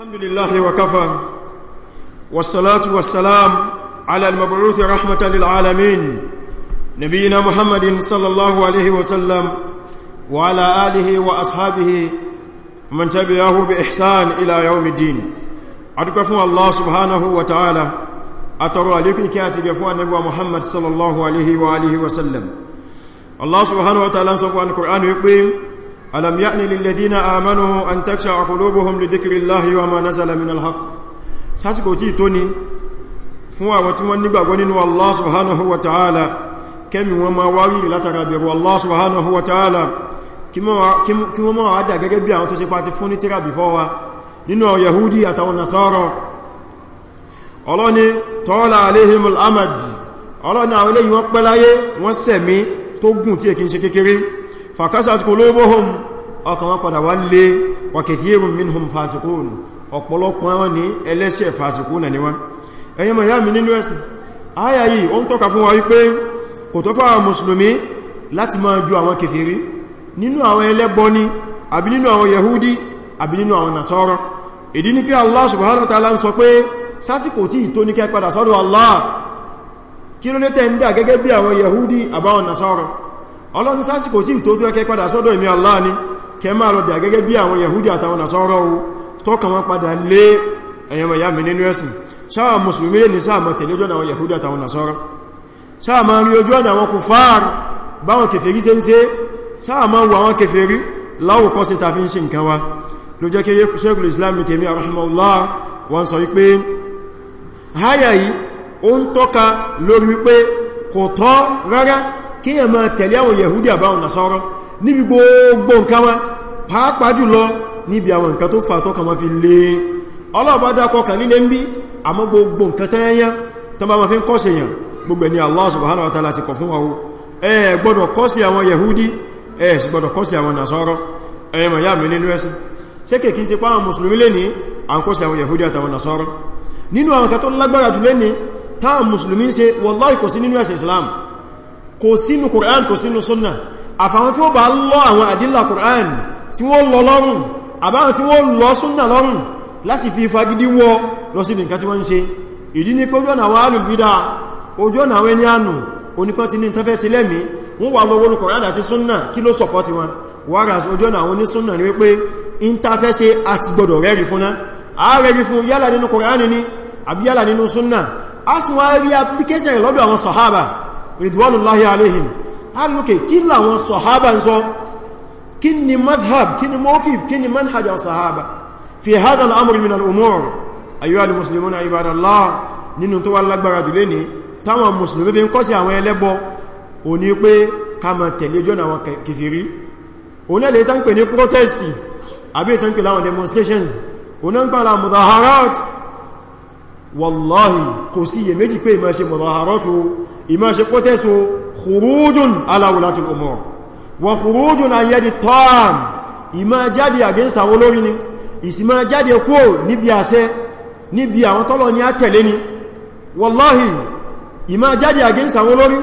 الحمد لله وكفى والصلاة والسلام على المبعوث رحمة للعالمين نبينا محمد صلى الله عليه وسلم وعلى آله وأصحابه ومن تبعه بإحسان إلى يوم الدين أتكفوا الله سبحانه وتعالى أترى لكم كاتب النبي محمد صلى الله عليه وآله وسلم الله سبحانه وتعالى سوف عن القرآن يقول ألم يأن للذين آمنوا أن تكشع قلوبهم لذكر الله وما نزل من الحق sásìkò tí tó ní fún àwọn tí wọ́n nígbàgbọ́ nínú Allah subhanahu wa ta'ala kẹ́mì wọn ma wárí látara bẹ̀rù Allah subhanahu wa ta'ala kí wọ́n máa dà gẹ́gẹ́ bí àwọn tó ṣe pàti fún ní tíra before wa nínú Yahudi àtàwọn Nasara ọlọ́ni tọ́ọ́lá aléhimul amad ọlọ́ni àwọn eléyìí wọ́n pẹ́ láyé wọ́n sẹ̀mí tó gùn tí èkí ń ṣe kékeré fakasat qulubuhum ọkàn wọn padà wá lé wa kathirun minhum fasiqun ọ̀pọ̀lọpọ̀ wọn ní ẹlẹ́ṣẹ̀ fasiquna ni wọ́n ẹ̀yin mọ̀ yá mi nínú ẹ̀sìn ayà yìí ó ń tọ́ka fún wa wípé kò tó fáwọn mùsùlùmí láti máa ju àwọn kèfèrí nínú àwọn àbí nínú àwọn yahudi àbí nínú àwọn nasọ́rọ̀ ìdí allah subhanahu wa ta'ala ń sọ pé sásìkò ọlọ́run sásìkò tí tó tó ẹkẹ́ padà sọ́dọ̀ ìmí Allah ni kẹ máa lọ dà gẹ́gẹ́ bí àwọn yahudi àtàwọn nasọ́rọ̀ o tọ́kà wọn padà lé ẹ̀yẹmọ̀ ya mi nínú ẹ̀sìn sáà mùsùlùmí lè ní sáà mọ̀ tẹ̀lé ojú àwọn yahudi àtàwọn nasọ́rọ̀ sáà máa rí ojú ọ̀nà àwọn kùfàr báwọn kèfèrí ṣe ń ṣe sáà máa wọ àwọn kèfèrí láwò kọ́ sí tàfi ń ṣe nǹkan wa ló jẹ́ kí Sheikhul Islam ní tèmi kíyàn máa tẹ̀lé àwọn yẹ̀húdí àbáwọn nasọ́rọ́ níbi gbogbo nǹkan wá pàápàá jùlọ níbi àwọn nǹkan tó fà tọ́kà wọ́n fi lè ọlọ́ọ̀bá dákọ̀ kàn lílé ń bí àmọ́ gbogbo nǹkan tẹ́yẹn tán bá ma fi ń kọ́sì yàn gbogbo ẹni Allah subhanahu wa ta'ala ti kọ̀ fún wa ẹ gbọ́dọ̀ kọ́sì àwọn yẹ̀húdí ẹ sì gbọ́dọ̀ kọ́sì àwọn nasọ́rọ́ ẹ̀yẹ mọ̀ yá mi nínú ẹ̀sìn ṣé kò sínú Qur'an kò sínú súnnà àfàwọn tí ó bá lọ àwọn àdílà Qur'an tí wọ́n lọ lọ́rùn àbáwọn tí wọ́n lọ súnnà lọ́rùn láti fi fagidi wọ́ lọ sí nǹkan tí wọ́n ń ṣe ìdí ní pé jọ́nà àwọn ojú ọ̀nà àwọn ẹni Qur'an àti súnnà kí ló sọ̀pọ̀ whereas ojú ọ̀nà àwọn onísúnnà ni wípé ìntafẹ́ ṣe àti gbọdọ̀ rẹ́rì fún náà a Qur'an ni àbí yálà nínú súnnà a tún wá rí application lọ́dọ̀ àwọn ridwanullahi alaihim alókè ah, kí làwọn sọ̀hábà ń sọ kí ni madhab kí ni mokif kí ni manhaj sọ̀hábà fi hadha al'amur min al'umur ayyuhal muslimuna ibadallah nínú tó wá lágbára jùlé ní táwọn musulmi fi ń kọ́ sí àwọn ẹlẹ́bọ ó ní pé ká má tẹ̀lé jọ́nà àwọn kìfìrí onílẹ̀ tán pè ní protesti àbí tán pè ìmá ṣe protest o khurujun ala wulati al-umur wa khurujun an tam ìmá jáde against àwọn olórí ni ìsìmá jáde kó níbi àṣẹ níbi àwọn tọ́lọ ní àtẹ̀lé ni wallahi ìmá jáde against àwọn olórí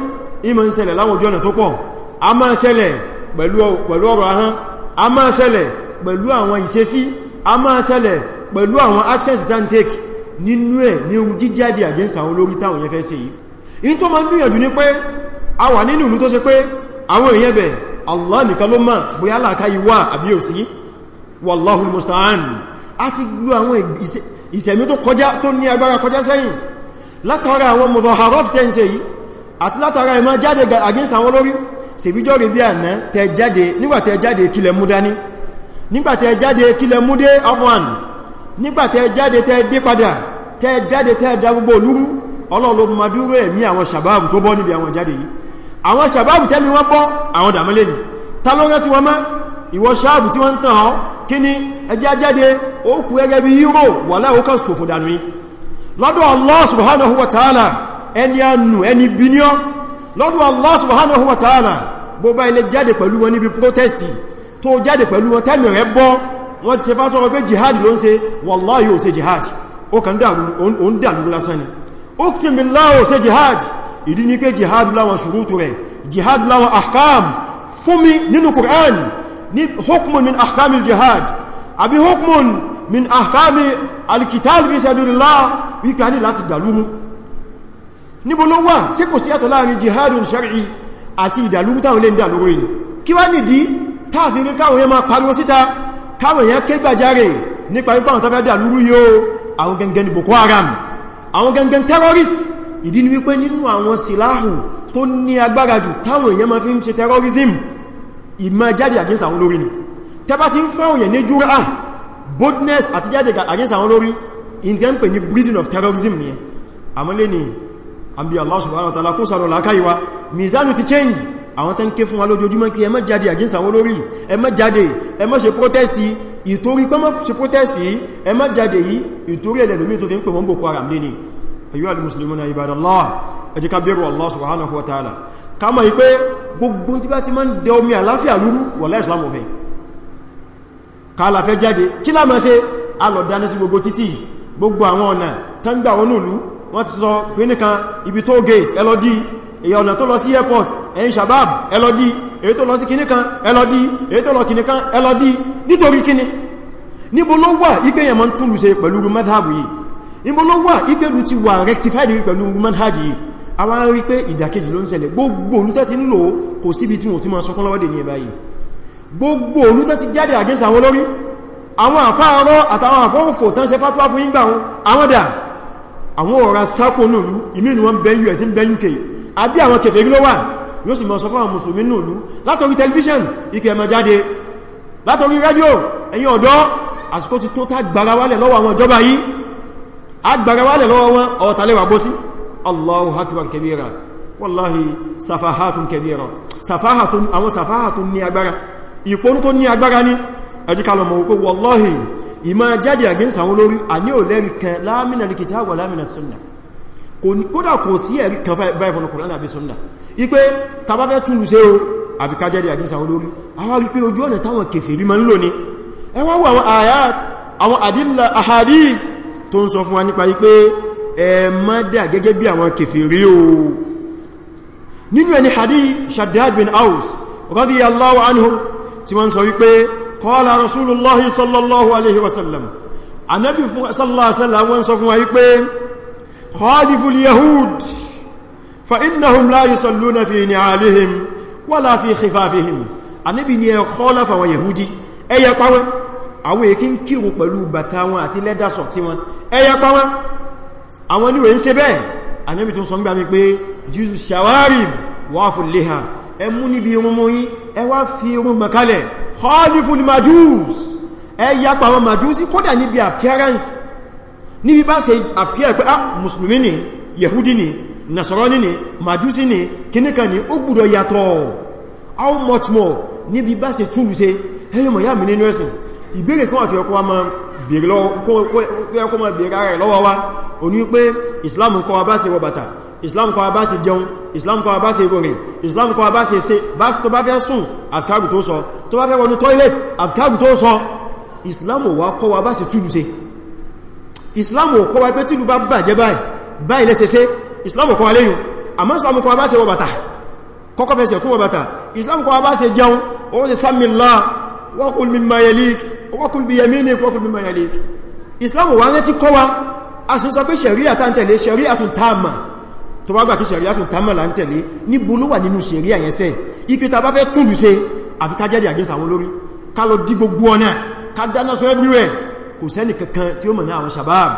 ìmá ń ṣẹlẹ̀ láwọn ojú ọ̀nà tó pọ̀ a máa ṣẹlẹ̀ pẹ̀lú ọ̀rọ̀ ahán actions that take nínú ẹ̀ ní ojú against àwọn olórí táwọn in tó ma ń dúnyànjú ní pé a wà nínú ìlú tó ṣe pé àwọn èèyàn bẹ̀ Allah nìkan ló mọ̀ bóyá láàká ìwà àbí òsí wallahul musta'an a ti gbọ́ àwọn ìṣẹ̀mí tó kọjá tó ní agbára kọjá sẹ́yìn látara àwọn mudaharat tẹ́ ń ṣe yìí àti látara ìmá jáde against àwọn olórí ṣèbíjọ́ rẹ̀ bí àná tẹ jáde nígbàtẹ jáde kílẹ̀ mú dání nígbàtẹ jáde kílẹ̀ mú dé afwan nígbàtẹ jáde tẹ dé padà tẹ jáde tẹ dá gbogbo olúrú ọlọ́ọ̀lọ́ madúró ẹ̀mí àwọn sàbáàbù tó bọ́ níbi àwọn jáde yìí àwọn sàbáàbù tẹ́mi wọ́n bọ́ àwọn dàmọ́lé ni ta ló rántí wọn mọ́ ìwọ sàbáàbù tí wọ́n ń tàn ọ́ kí ni ẹjá jáde ó kú gẹ́gẹ́ bí euro wà láwọ́ sòfò dànù ni lọ́dọ̀ Allah subhanahu wa ta'ala ẹni ànù ẹni bíníọ́ lọ́dọ̀ Allah subhanahu wa ta'ala bó bá ilé jáde pẹ̀lú wọn níbi protesti tó jáde pẹ̀lú wọn tẹ́mi rẹ̀ bọ́ wọ́n ti ṣe fásọ́rọ̀ pé jihad ló ń jihad ó kàn dàlú lásán ni uqsim billah ó ṣe jihad ìdí ni pé jihad láwọn ṣùrútù rẹ̀ jihad láwọn ahkam fún mi nínú Qur'an ní hukmun min ahkami jihad àbí hukmun min ahkami alkital fi sabilillah wíkà ní láti dàlúrú níbo ló wà tí kò sí ẹ̀tọ́ láàrin jihadun shar'i àti ìdàlúrú táwọn lè ń dàlúrú ni kí wá nìdí táàfin káwọn yẹn máa pariwo síta káwọn yẹn kégbàjáre nípa ipá àwọn tàbí dàlúrú yóò àwọn gẹngẹn ni Boko Haram àwọn gangan terrorist ìdí ni wípé nínú àwọn síláhù tó ní agbára jù táwọn èèyàn ma fi ń ṣe terrorism ìmá jáde against àwọn olórí ni tẹbá ti ń fáwọn ní jura boldness àti jáde against àwọn olórí in the pè ní breeding of terrorism ni àmọ́lé ni àbí Allah subhanahu wa ta'ala kún sàrọ̀ ti change àwọn tán ké fún wa lójoojúmọ́ kí ẹ against àwọn olórí ẹ má protesti ìtorí pé mọ́ ṣe protest yìí ẹ má jáde yìí ìtorí ẹlẹ́lòmí tó fi ń pè wọ́n Boko Haram lé ní ayyuhal muslimuna ibadallah ẹ jẹ́ ká bẹ̀rù Allah subhanahu wa ta'ala ká mọ̀ yí pé gbogbo tí bá ti máa ń dẹ omi àláfíà lúrú wọ̀lá ìsìlámù fẹ́ ká la fẹ́ jáde kí lámọ́ ṣe a lọ dáná sí gbogbo títì gbogbo àwọn ọ̀nà tán gbà wọnú ìlú wọ́n ti sọ pé nìkan ibi toll gate ẹlọ́dí èyà ọ̀nà tó lọ sí airport ẹ̀yìn shabab ẹlọ́dí èyí tó lọ sí kìíní kan ẹlọ́dí èyí tó lọ kìíní kan ẹlọ́dí nítorí kìíní níbo ló wà ipé yẹmọ túnlù ṣe pẹ̀lú madhab yìí níbo ló wà ipé lu ti wà rectified pẹ̀lú madhab yìí àwọn arí pé ìdàkejì ló ń ṣẹlẹ̀ gbogbo olútẹ́ ti ń lò kò síbi tí wọ́n ti máa sọkún lọ́wọ́dẹ̀ ní ẹ̀bá yìí gbogbo olútẹ́ ti jáde against àwọn olórí àwọn àfáàrọ́ àtàwọn àfọ́fò tán ṣe fátúwá fún ìgbà wọn àwọn dà àwọn ọ̀rà sápò nùlú ìmìnú wọn bẹ́ us bẹ́ uk àbí àwọn kèfèrí ló wà yóò sì mọ́ sọ fáwọn mùsùlùmí nùlú látorí tẹlifíṣàn ikẹ̀mọ̀ jáde látorí rẹ́díò ẹ̀yin ọ̀dọ́ àsìkò ti tó tágbàra wálẹ̀ lọ́wọ́ àwọn ìjọba yìí agbàra wálẹ̀ lọ́wọ́ wọn ọ̀tàlẹ́wà bó sí Allahu akbar kabira wallahi safahatun kabira safahatun àwọn safahatun ní agbára ìpónú tó ní agbára ní ẹjíkàlọ̀ mọ̀ wípé wallahi ìmá jáde against àwọn olórí a ní ò lẹ́rí kódà kò sí ẹ̀rí kan báyìí fún Kùránì àbí sunna ipé tàbá fẹ́ túnlù sí o àfikà jẹ́ àdínsà olórí àwọn rí pé ojú ọ̀nà táwọn kèfèrí ma ń lò ní ẹ wá wo àwọn ayat àwọn àdílà ahadith tó ń sọ fún wa nípa ipé ẹ má dà gẹ́gẹ́ bí àwọn kèfèrí o nínú ẹni hadith shaddad bin aus radiyallahu anhu tí wọ́n sọ wípé qala rasulullahi sallallahu alaihi wasallam anabi sallallahu alaihi wasallam wọ́n sọ fún wa wípé khalifu yahud فإنهم لا يصلون في نعالهم ولا في خفافهم Ànábì ní ẹ khalafa wa Yahudi ẹ yapa wọ́n àwọn èkí ń kírun pẹ̀lú bàtà wọn àti lẹ́dàsọ̀ tí wọn ẹ yapa wọ́n àwọn oníwẹ̀ ń ṣe bẹ́ẹ̀ Ànábì tún sọ ń gbà mí pé jùsù shawarib wafu liha ẹ mú níbi irunmú yí ẹ wá fi irun mọ̀kálẹ̀ khalifu li majus ẹ yapa wọn majusi kódà níbi appearance níbi bá ṣe appear pé ah musulmi ni nasarani ni majusi ni kíníkà ni ó gbúdọ̀ yàtọ̀ how much more níbi bá ṣe túnlù ṣe ẹyọmọ̀ yà mí nínú ẹ̀sìn ìbéèrè kan àti ọkọ̀ ma bèèrè ara ẹ̀ lọ́wọ́ wa o ní pé islam kọ́ wa bá se wọ bàtà islam kọ́ wa bá ṣe jẹun islam kọ́ wa bá ṣe rọrìn islam kọ́ wa bá ṣe ṣe tó bá fẹ́ sùn àfikàrù tó sọ tó bá fẹ́ wọnú toilet àfikàrù tó sọ islam wà kọ́ wa bá se túnlù se. islam kọ́ wa pé tìlú bá bàjẹ́ báyìí báyìí lẹ́sẹsẹ́ islamu kọ́ aléyìn àmọ́ islamu kọ́ abá ṣe wọ bàtà kọ́kọ́ fẹ́ sí ọ̀tún wọ bàtà islamu kọ́ abá ṣe jẹun wọ́n ṣe sàmìlá wọ́kùl mimma yalik wọ́kùl bí yaminik wọ́kùl mimma yalik islamu wà rántí kọ́ wa a ṣe sọ pé ṣẹ̀ríà tá ń tẹ̀lé ṣẹ̀ríà tún tààmà tó bá gbà kí ṣẹ̀ríà tún tààmà là ń tẹ̀lé níbo ló wà nínú ṣẹ̀ríà yẹn sẹ́ ipe ta bá fẹ́ tún lù ṣe àfi ká jẹ́rìí against àwọn olórí ká lọ dí gbogbo ọ̀nà ká dáná sun everywhere kò sẹ́nì kankan tí ó mọ̀ ní àwọn shabab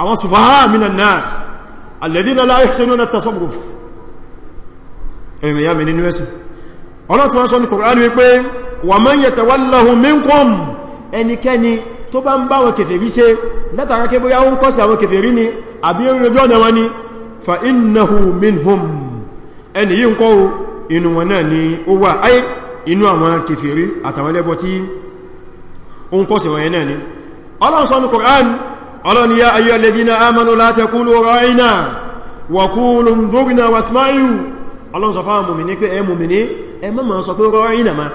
àwọn nas alladhina la yahsinuna at-tasarruf ẹ̀mẹ̀yà mi nínú ẹ̀sìn ọlọ́tí wọ́n sọ ní kòránì wípé wa man yatawallahu minkum ẹnikẹ́ni tó bá ń bá wọn kèfèrí ṣe látara kí bóyá ó ń kọ́sí àwọn kèfèrí ni àbí orílẹ̀-èdè ọ̀nà wọn ni fa innahu ọlọ́ni yá ayọ́ alẹ́dínà ámànù látẹkúlù rọ́ìnà wọ̀kúlù ń dúrínà wàsmáyù ọlọ́n sọ fáwọn mùmìní pé ẹ mùmìní ẹ mọ́ ma sọ pé rọ́ìnà ma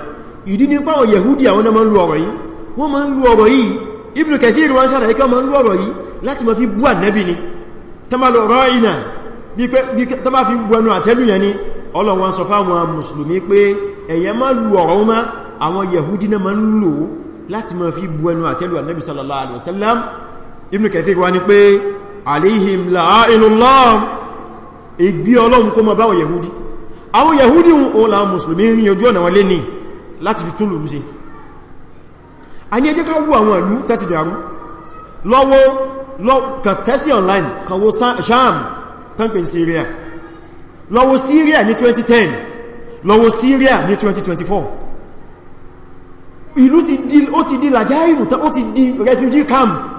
ìdí ní pàwọn yahudi àwọn náà ma ń lu ọ̀rọ̀ yìí wọ́n ma ń lu ọ̀rọ̀ yìí Ibn Kathir wọn sára ikọ́ ma ń lu ọ̀rọ̀ yìí láti ma fi bú ànẹ́bì ni tẹ́mà lọ rọ́ìnà bí tẹ́mà fi bú ẹnu àtẹ́lù yẹn ni ọlọ́wọ́n sọ fáwọn Ibn Kathir wá ní pé alihim la'inullah ìgbí ọlọ́run kó mọ báwọn yahudi àwọn yahudi òun làwọn musulmi rí ojú ọ̀nà wọn lé ní láti fi tún lòrú sí a ní ẹjẹ́ ká wú àwọn ìlú tẹ́tì dàrú lọ́wọ́ kàtẹ́sí online kàwọ́ sham tánpẹ̀ syria lọ́wọ́ syria ní 2010 lọ́wọ́ syria ní 2024 ìlú ti di ó ti ó ti di refugee camp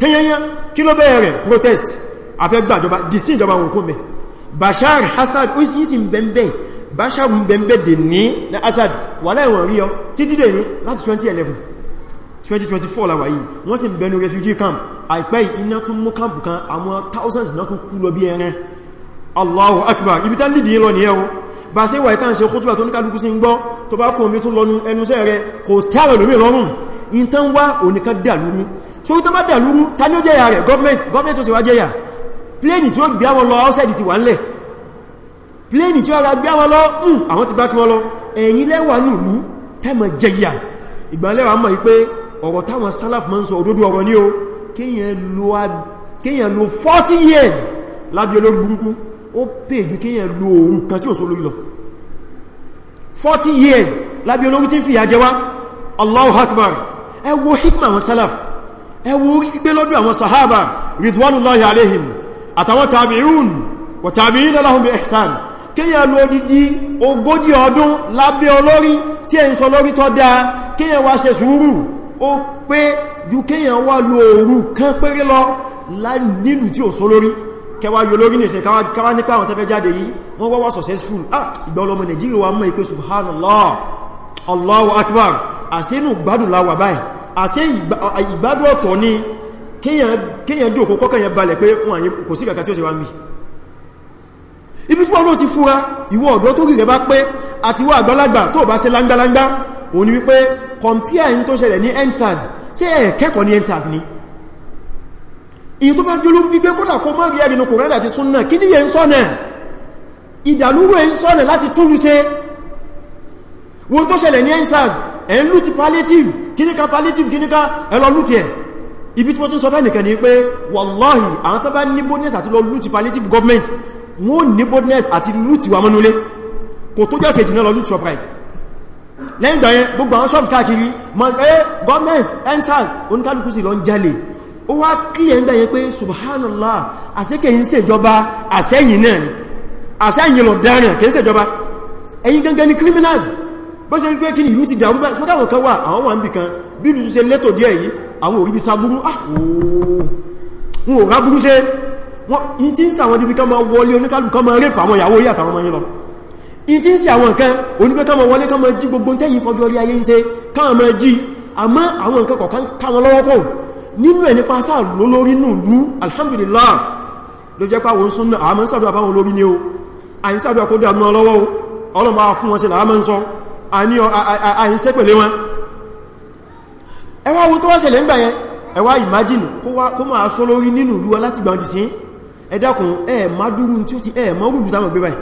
yẹnyẹn kí ló bẹ̀rẹ̀ protest afẹ́gbàjọba dìsí ìjọba wọn kó mẹ́ Bashar Assad ó sì sì bẹ̀m̀bẹ̀ Bashar bẹ̀m̀bẹ̀ dè ní na Assad wà láìwọ̀n rí ọ títí dè ní láti 2011 2024 láwà yìí wọ́n sì bẹ̀nu refugee camp àìpẹ́ iná tún mú camp kan àwọn thousands náà tún kú lọ bí ẹran Akbar ibi tán lìdí lọ nìyẹn o bá ṣe wà ìtàn ṣe kótúbà tó ní kálukú sí ń gbọ́ so tó bá dàlúrú ta ní ó jẹ́yà rẹ̀ government government ó sì wá jẹ́yà pléènì tí ó gbé àwọn lọ outside ti wà ń lẹ̀ pléènì tí ó ra gbé àwọn lọ mún hmm, àwọn ti bá tí wọ́n lọ ẹ̀yìn lẹ́wà nùlú tẹ́mọ̀ jẹ́yà ìgbàlẹ́wà mọ̀ wípé ọ̀rọ̀ táwọn salaf máa ń sọ òdodo ọ̀rọ̀ ní o kéèyàn lo 40 years lábí olórin burúkú ó pè jù kéèyàn lo òru kan tí ò sólórí lọ 40 years lábí olórin tí ń fìyà jẹ wá Allahu Akbar ẹ hikma wọn salaf ẹwọ orí gbígbé lọ́dọ̀ àwọn sahaba ridwanullahi alaihim àtàwọn tabi'un wa tabi'ina lahum bi ihsan kíyàn lọ dídí ogójì ọdún lábẹ́ olórí tí ẹ̀ ń sọ lórí tọ́ dáa kíyàn wá ṣe sùúrù ó pé ju kíyàn wá lo òru kan péré lọ nílùú tí ò sọ lórí kẹwàá yóò lórí nìṣẹ́ káwàá nípa àwọn tẹ́fẹ́ jáde yìí wọ́n wọ́n successful ah ìgbà ọlọ́mọ nàìjíríà wa mọ́ ìpé subhanallah allahu akbar àṣínú gbádùn láwà báyìí àṣẹ ìgbádùn ọ̀tọ̀ ni kíyàn dùn kókọ́ kẹyàn balẹ̀ pé wọ́n àyí kò sí kàkà tí ó sì wá ń bí ibi tí wọ́n ti fúra ìwọ ọ̀dọ́ tó gìrẹ bá pé àti wọ́n àgbàlagbà tó bá ṣe lángbalangba ó ní wípé compare in tó ṣẹlẹ̀ ní EndSARS ṣe ẹ̀ kẹ́kọ̀ọ́ ni èyí tó bá jóló gbígbé kódà kó má rí ẹ̀rìnà Kùránì àti súnnà kí ní yẹ ń sọ́nà ìdàlúrò ń sọ́nà láti túrú ẹ̀ ń lúti palliative kíníkà palliative kíníkà ẹlọ lúti ẹ̀ ibi tí wọ́n ti sọ fẹ́ nìkan ni pé wallahi àwọn tó bá ní boldness àti lọ lúti palliative government wọ́n ní boldness àti lúti wà mọ́núlé kò tó jẹ́ kejì náà lọ lúti shoprite lẹ́yìn ìgbàyẹn gbogbo àwọn shops káàkiri mọ̀ pé government endsars oníkálukú sí lọ ń jalè ó wá kílẹ̀ ń gbẹ̀yẹn pé subhanallah àṣẹ́kẹ̀ yìí ń ṣèjọba àṣẹ́yìn náà ni àṣẹ́yìn lọ dáràn kìí ṣèjọba ẹ̀yin gangan ni criminals bó ṣe ń pé kí ní ìlú ti dàrú bá ṣọ́dá àwọn kan wà àwọn wà ń bì kan bí ìlú ṣe lẹ́tò díẹ̀ yìí àwọn òrí bí sábúrú àwọn ah, òrá burú ṣe wọ́n in tí ń sà wọn dìbí kan ma wọlé oníkálù kan ma rèpù àwọn ìyàwó yàtà wọn lọ in tí ń sà wọn kan oníkẹ́ kan ma wọlé kan ma jí gbogbo tẹ́yìn fọjú orí ayé ń ṣe kan ma jí àmọ́ àwọn nǹkan kọ̀kan káwọn lọ́wọ́ kọ̀ nínú ẹ̀ nípa sáà lólórí nùlú alhamdulillah ló jẹ́ pàwọn súnnà àmọ́ sàdúrà fáwọn olórí ni o àyíṣàdúrà kó dàmú ọlọ́wọ́ ọlọ́mọ fún wọn sí làá mọ́ ń sọ àní àhìnṣẹ́ pẹ̀lé wọn ẹwà ohun tó wá ṣẹlẹ̀ nígbà yẹn ẹwà ìmájìnì kó máa sọ lórí nínú ìlú wa láti gbàndì sí ẹ̀dàkùn ẹ̀ mádúrú tí ó ti ẹ̀ mọ́rùn-ún tàbí gbé báyìí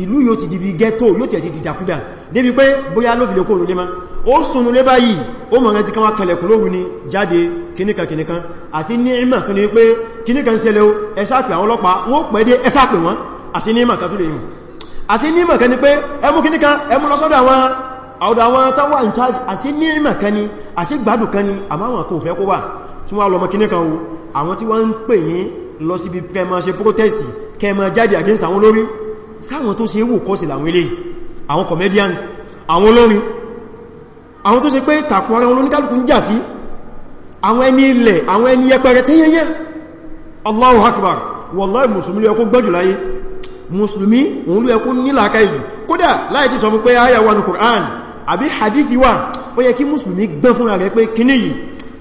ìlú yóò ti dìbí ghetto yóò ti ẹ̀ ti dìdàkúdà débi pé bóyá ló fi lè kóòrùn lé má ó súnú lé báyìí ó mọ̀ rántí kan wá kẹlẹ̀kùn lóru ni jáde kìníkan kìníkan àti ní ìmọ̀ tún ní pé kìníkan ṣẹlẹ̀ ẹsáàpẹ̀ àwọn ọlọ́pàá wọ́n pẹ́ dé ẹsáàpẹ̀ wọn àti ní ìmọ̀ kan tún lè yìí àṣí ní ìmọ̀kan ni pé ẹmú kí níkan ẹmú lọ́sọ́dọ̀ àwọn àwọn àwọn tánwà in charge àṣí ní ìmọ̀kan ni àṣí gbádùn kan ni àmáwọn kò fẹ́ kó wà tí wọ́n lọ mọ̀kí níkan o àwọn tí wọ́n ń pè yín lọ síbi kẹmọ ṣe jáde against àwọn olórí sáwọn tó ṣe wò kọ́sì comedians àwọn olórin àwọn tó ṣe pé tàkù ara wọn lóníkálùkù ń jà sí àwọn ẹni Allahu Akbar wallahi mùsùlùmí ọkọ̀ gbọ́jù mùsùlùmí òun ló yẹ kó ní làákàyè jù kódà láì ti sọ fún pé àyà wà ní Qur'an àbí hadithi wà ó yẹ kí mùsùlùmí gbọ́n fúnra rẹ̀ pé kíní yìí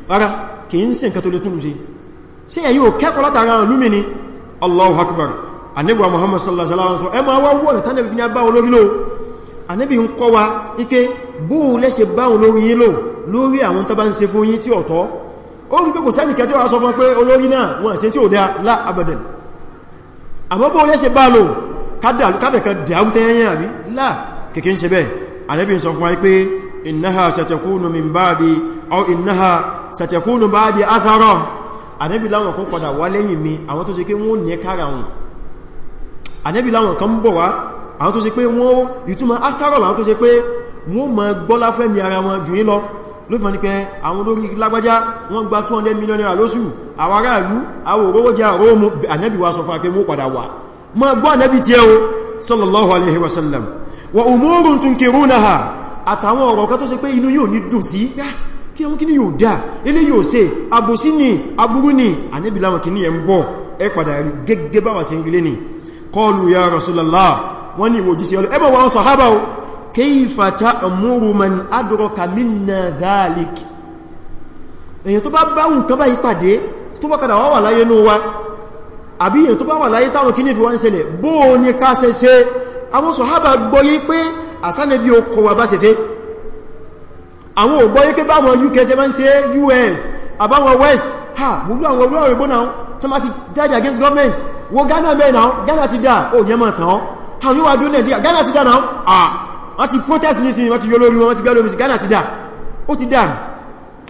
rárá kì í sí nǹkan lè túnlù sí ṣe ẹ̀yí ò kẹ́kọ̀ọ́ látara lúmi Allahu Akbar anẹ́bùwa Muhammad sallallahu alaihi wasallam ẹ máa wá wọ́n tánàbí fi ní abáwọn lórí lóò anẹ́bí ike bóò lẹ́ṣe báwọn lórí yín lò lórí àwọn tó bá ń ṣe fún yín tí ọ̀tọ̀ ó rí pé kò àmọ́bọ̀ lẹ́sẹ̀ bá lò káfẹ̀kẹ́ dìáwú tẹ́yẹn àbí láà kìkí ń ṣe bẹ́ẹ̀ Ànábì sọ fún wa pé innaha satakunu min ba'di aw innaha satakunu ba'di athara Ànábì láwọn kan padà wá lẹ́yìn mi àwọn tó ṣe pé wọ́n ní kára wọn Ànábì láwọn kan bọ̀ wá àwọn tó ṣe pé wọ́n ìtumọ̀ athara ló fẹ́ ní pé àwọn olórí lágbájá wọ́n gba 200 million naira lóṣù àwọn ará ìlú àwọn òróró jẹ́ àróòmù wa sọ fún akẹ́ mú padà wà ma gbọ́ ànẹ́bì tí ẹ sallallahu alaihi wasallam wa umurun tunkirunaha àtàwọn ọ̀rọ̀ kan tó ṣe pé inú yóò ní dùn sí kí àwọn kíní yóò dá ilé yóò ṣe àbòsí ni aburú ni ànẹ́bì láwọn kíní ẹ ń bọ̀ ẹ padà rí gẹ́gẹ́ báwà sí ń ni qalu ya rasulallah wọ́n ní ìwòjísí ọlọ́ ẹbọ̀ wọn sọ̀hábà o kayfa ta'muru man adraka minna dhalik èyàn tó bá báwùn kan báyìí pàdé tó bá kàdà wà láyé ní wa àbí èyàn tó bá wà láyé táwọn kìíní fi wá ń ṣẹlẹ̀ bó ní ká ṣe ṣe àwọn sọ̀hábà gbọ́yé pé àsánẹ́bí okò wà bá ṣe àwọn ò gbọ́yé pé báwọn UK wọ́n ti protest ní sí wọ́n ti yọ lórí wọ́n ti gbẹ́ lórí sí Ghana ti dà ó ti dà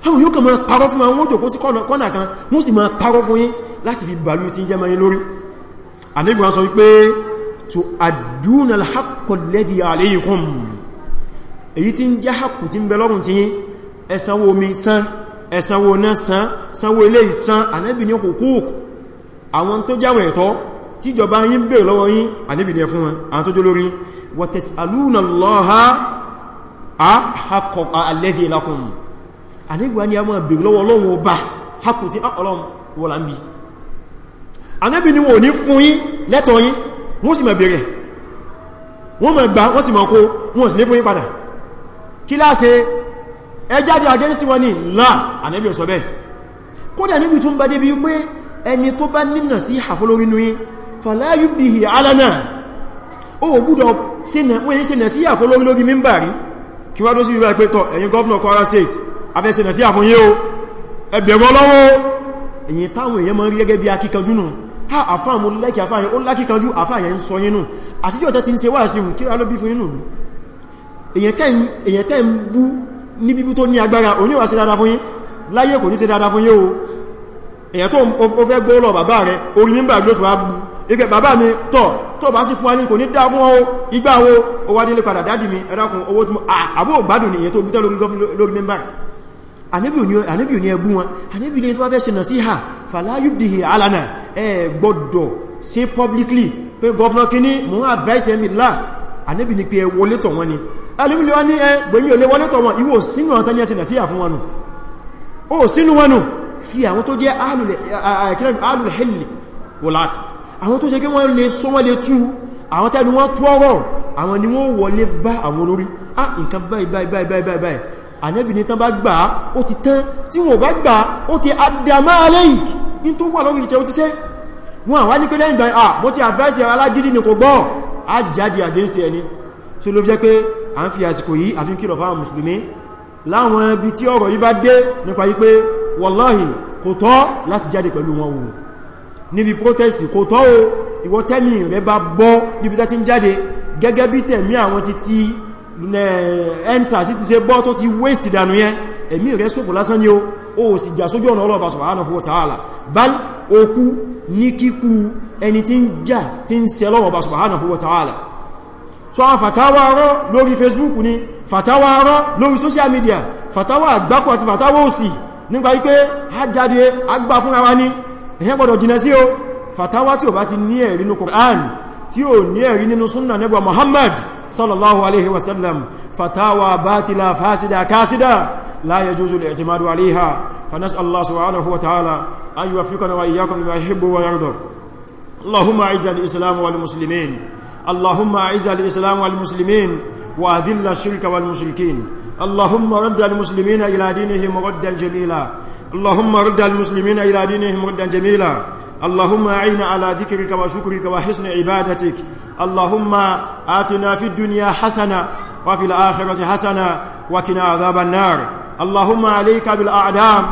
àwọn yóò kàn máa parọ́ fún àwọn òjò kó sí kọ́nà kan wọ́n sì máa parọ́ fún yín láti fi bàálù tí ń jẹ́ mayín lórí Ànábì wá sọ wípé to adúnà alhakọ̀lẹ́dì alaykum èyí tí ń jẹ́ hakù tí ń bẹ lọ́rùn tí yín ẹ sanwó omi san ẹ sanwó náà san sanwó ilé ìsan Ànábì ní hukuk àwọn tó jáwọn ẹ̀tọ́ tíjọba yín bèèrè lọ́wọ́ yín Ànábì fún wọn àwọn tó jó lórí wàtẹ̀sàlúnà lọ́ha àhàkọ̀ àlẹ́dì ìlàkùn anẹ́gbà ni a máa bèèrè lọ́wọ́ ọlọ́run ọba hakù tí ọlọ́run wọ́n là ń bí anẹ́bì ni wọ́n ní fún yín lẹ́tọ̀ yín wọ́n sì máa bèèrè wọ́n máa gbà wọ́n sì máa kó wọ́n sì ní fún yín padà kí láàṣẹ ẹ ó gbúdọ̀ sẹ́nà sí àfọ́ lórí lórí mímbà rí kí wá tó sí ìrẹ́ pé tọ́ ẹ̀yin gọ́ọ̀nà Kwara State afẹ́ sẹ́nà sí àfọ́ yíó ẹgbẹ̀rọ lọ́wọ́ èyí táwọn èèyàn máa ń rí gẹ́gẹ́ bí akíkanjú nù ha àfáà mú lẹ́kì àfáàyàn ó lákíkanjú àfáàyàn ń sọ yínú àtijọ́ tẹ́ ti ń ṣe wà sí kí wá ló bí fún yínú èyàn tẹ́ ń bú ní bíbú tó ní agbára oníwà sí dáadáa fún yín láyé kò ní sí dáadáa fún yín o èyàn tó fẹ́ gbóòlọ̀ bàbá rẹ̀ orí mímbà ló tó wá bú ẹgbẹ̀ bàbá mi tọ́ tó bá sì fún ẹni kò ní dá fún ọwọ́ igbá wo padà dádì mi ẹ̀dàkùn owó tí mo àbó gbádùn nìyẹn tó gbítẹ́ lórí gọ́fún lórí mẹ́mbà àníbì ò ní ẹgbú wọn àníbì ní tó bá fẹ́ ṣe nà sí ha fàláyùbdìhì alana ẹ gbọ́dọ̀ sí publicly pé gọ́fún kíní mò advice ẹ̀mí là àníbì ní pé ẹ wọlé tọ̀ wọn ni àníbì lè wá ní ẹ gbẹ̀yìn ò lè wọlé tọ̀ wọn ìwò sínú ọ̀tá ní ẹsẹ̀ nà sí hà fún wọn ó sínú wọn fi àwọn tó jẹ́ alùlẹ̀ hẹ́lì wọ́láàkì àwọn tó ṣe kí wọ́n lè sọ wọ́n lè tú àwọn tẹ́lú wọ́n tó ọ̀rọ̀ àwọn ni wọ́n wọlé bá àwọn olórí ah nǹkan báyìí báyìí báyìí báyìí báyìí ànábì ní tán bá gbà ó ti tán tí wọ́n bá gbà ó ti adama alayk in tó wà ah mo advice ara ni kò gbọ́ á against ẹni tí ó ló fi jẹ́ pé à ń fi àsìkò yìí àfi ń kìlọ̀ fáwọn mùsùlùmí láwọn ibi tí ọ̀rọ̀ yìí bá dé nípa yìí pé wallahi kò tọ́ láti jáde pẹ̀lú wọn wò níbi protest kò tọ́ o ìwọ tẹ́mì rẹ bá bọ́ níbi tẹ́ ti ń jáde gẹ́gẹ́ bí tẹ̀mí àwọn ti ti ẹnsà eh, sí ti ṣe bọ́ tó ti waste dànù yẹn ẹ̀mí rẹ ṣòfò lásán ni o ó sì jà sójú ọ̀nà ọlọ́ọ̀bá subhanahu wa ta'ala bal okú ní kíkú ẹni tí ń jà tí ń ṣe facebook ni fatawa arọ́ social media fatawa àgbákò àti fatawa òsì nígbà wípé èyàn gbọ́dọ̀ jìnà sí o fatawa tí ó bá ti ní ẹ̀rí nínú Qur'an tí ó ní ẹ̀rí nínú súnnà nẹ́bà Muhammad sallallahu alaihi wasallam fatawa batila fasida kasida la yajuzu al-i'timadu alaiha fanas Allah subhanahu wa ta'ala an wa iyyakum lima yuhibbu اللهم اعز الاسلام والمسلمين اللهم اعز الاسلام والمسلمين واذل الشرك والمشركين اللهم رد المسلمين الى دينهم ردا جميلا اللهم رد المسلمين إلى دينهم ردا جميلا اللهم أعين على ذكرك وشكرك وحسن عبادتك اللهم آتنا في الدنيا حسنة وفي الآخرة حسنة وكنا عذاب النار اللهم عليك بالأعداء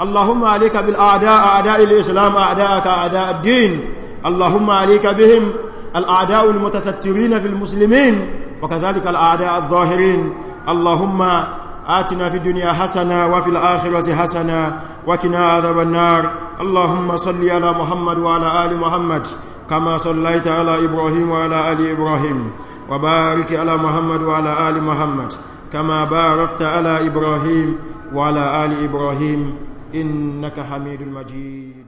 اللهم عليك بالأعداء أعداء الإسلام أعداءك أعداء الدين اللهم عليك بهم الأعداء المتسترين في المسلمين وكذلك الأعداء الظاهرين اللهم آتنا في الدنيا حسنة وفي الآخرة حسنة وكنا عذاب النار اللهم صل على محمد وعلى آل محمد كما صليت على إبراهيم وعلى آل إبراهيم وبارك على محمد وعلى آل محمد كما باركت على إبراهيم وعلى آل إبراهيم إنك حميد مجيد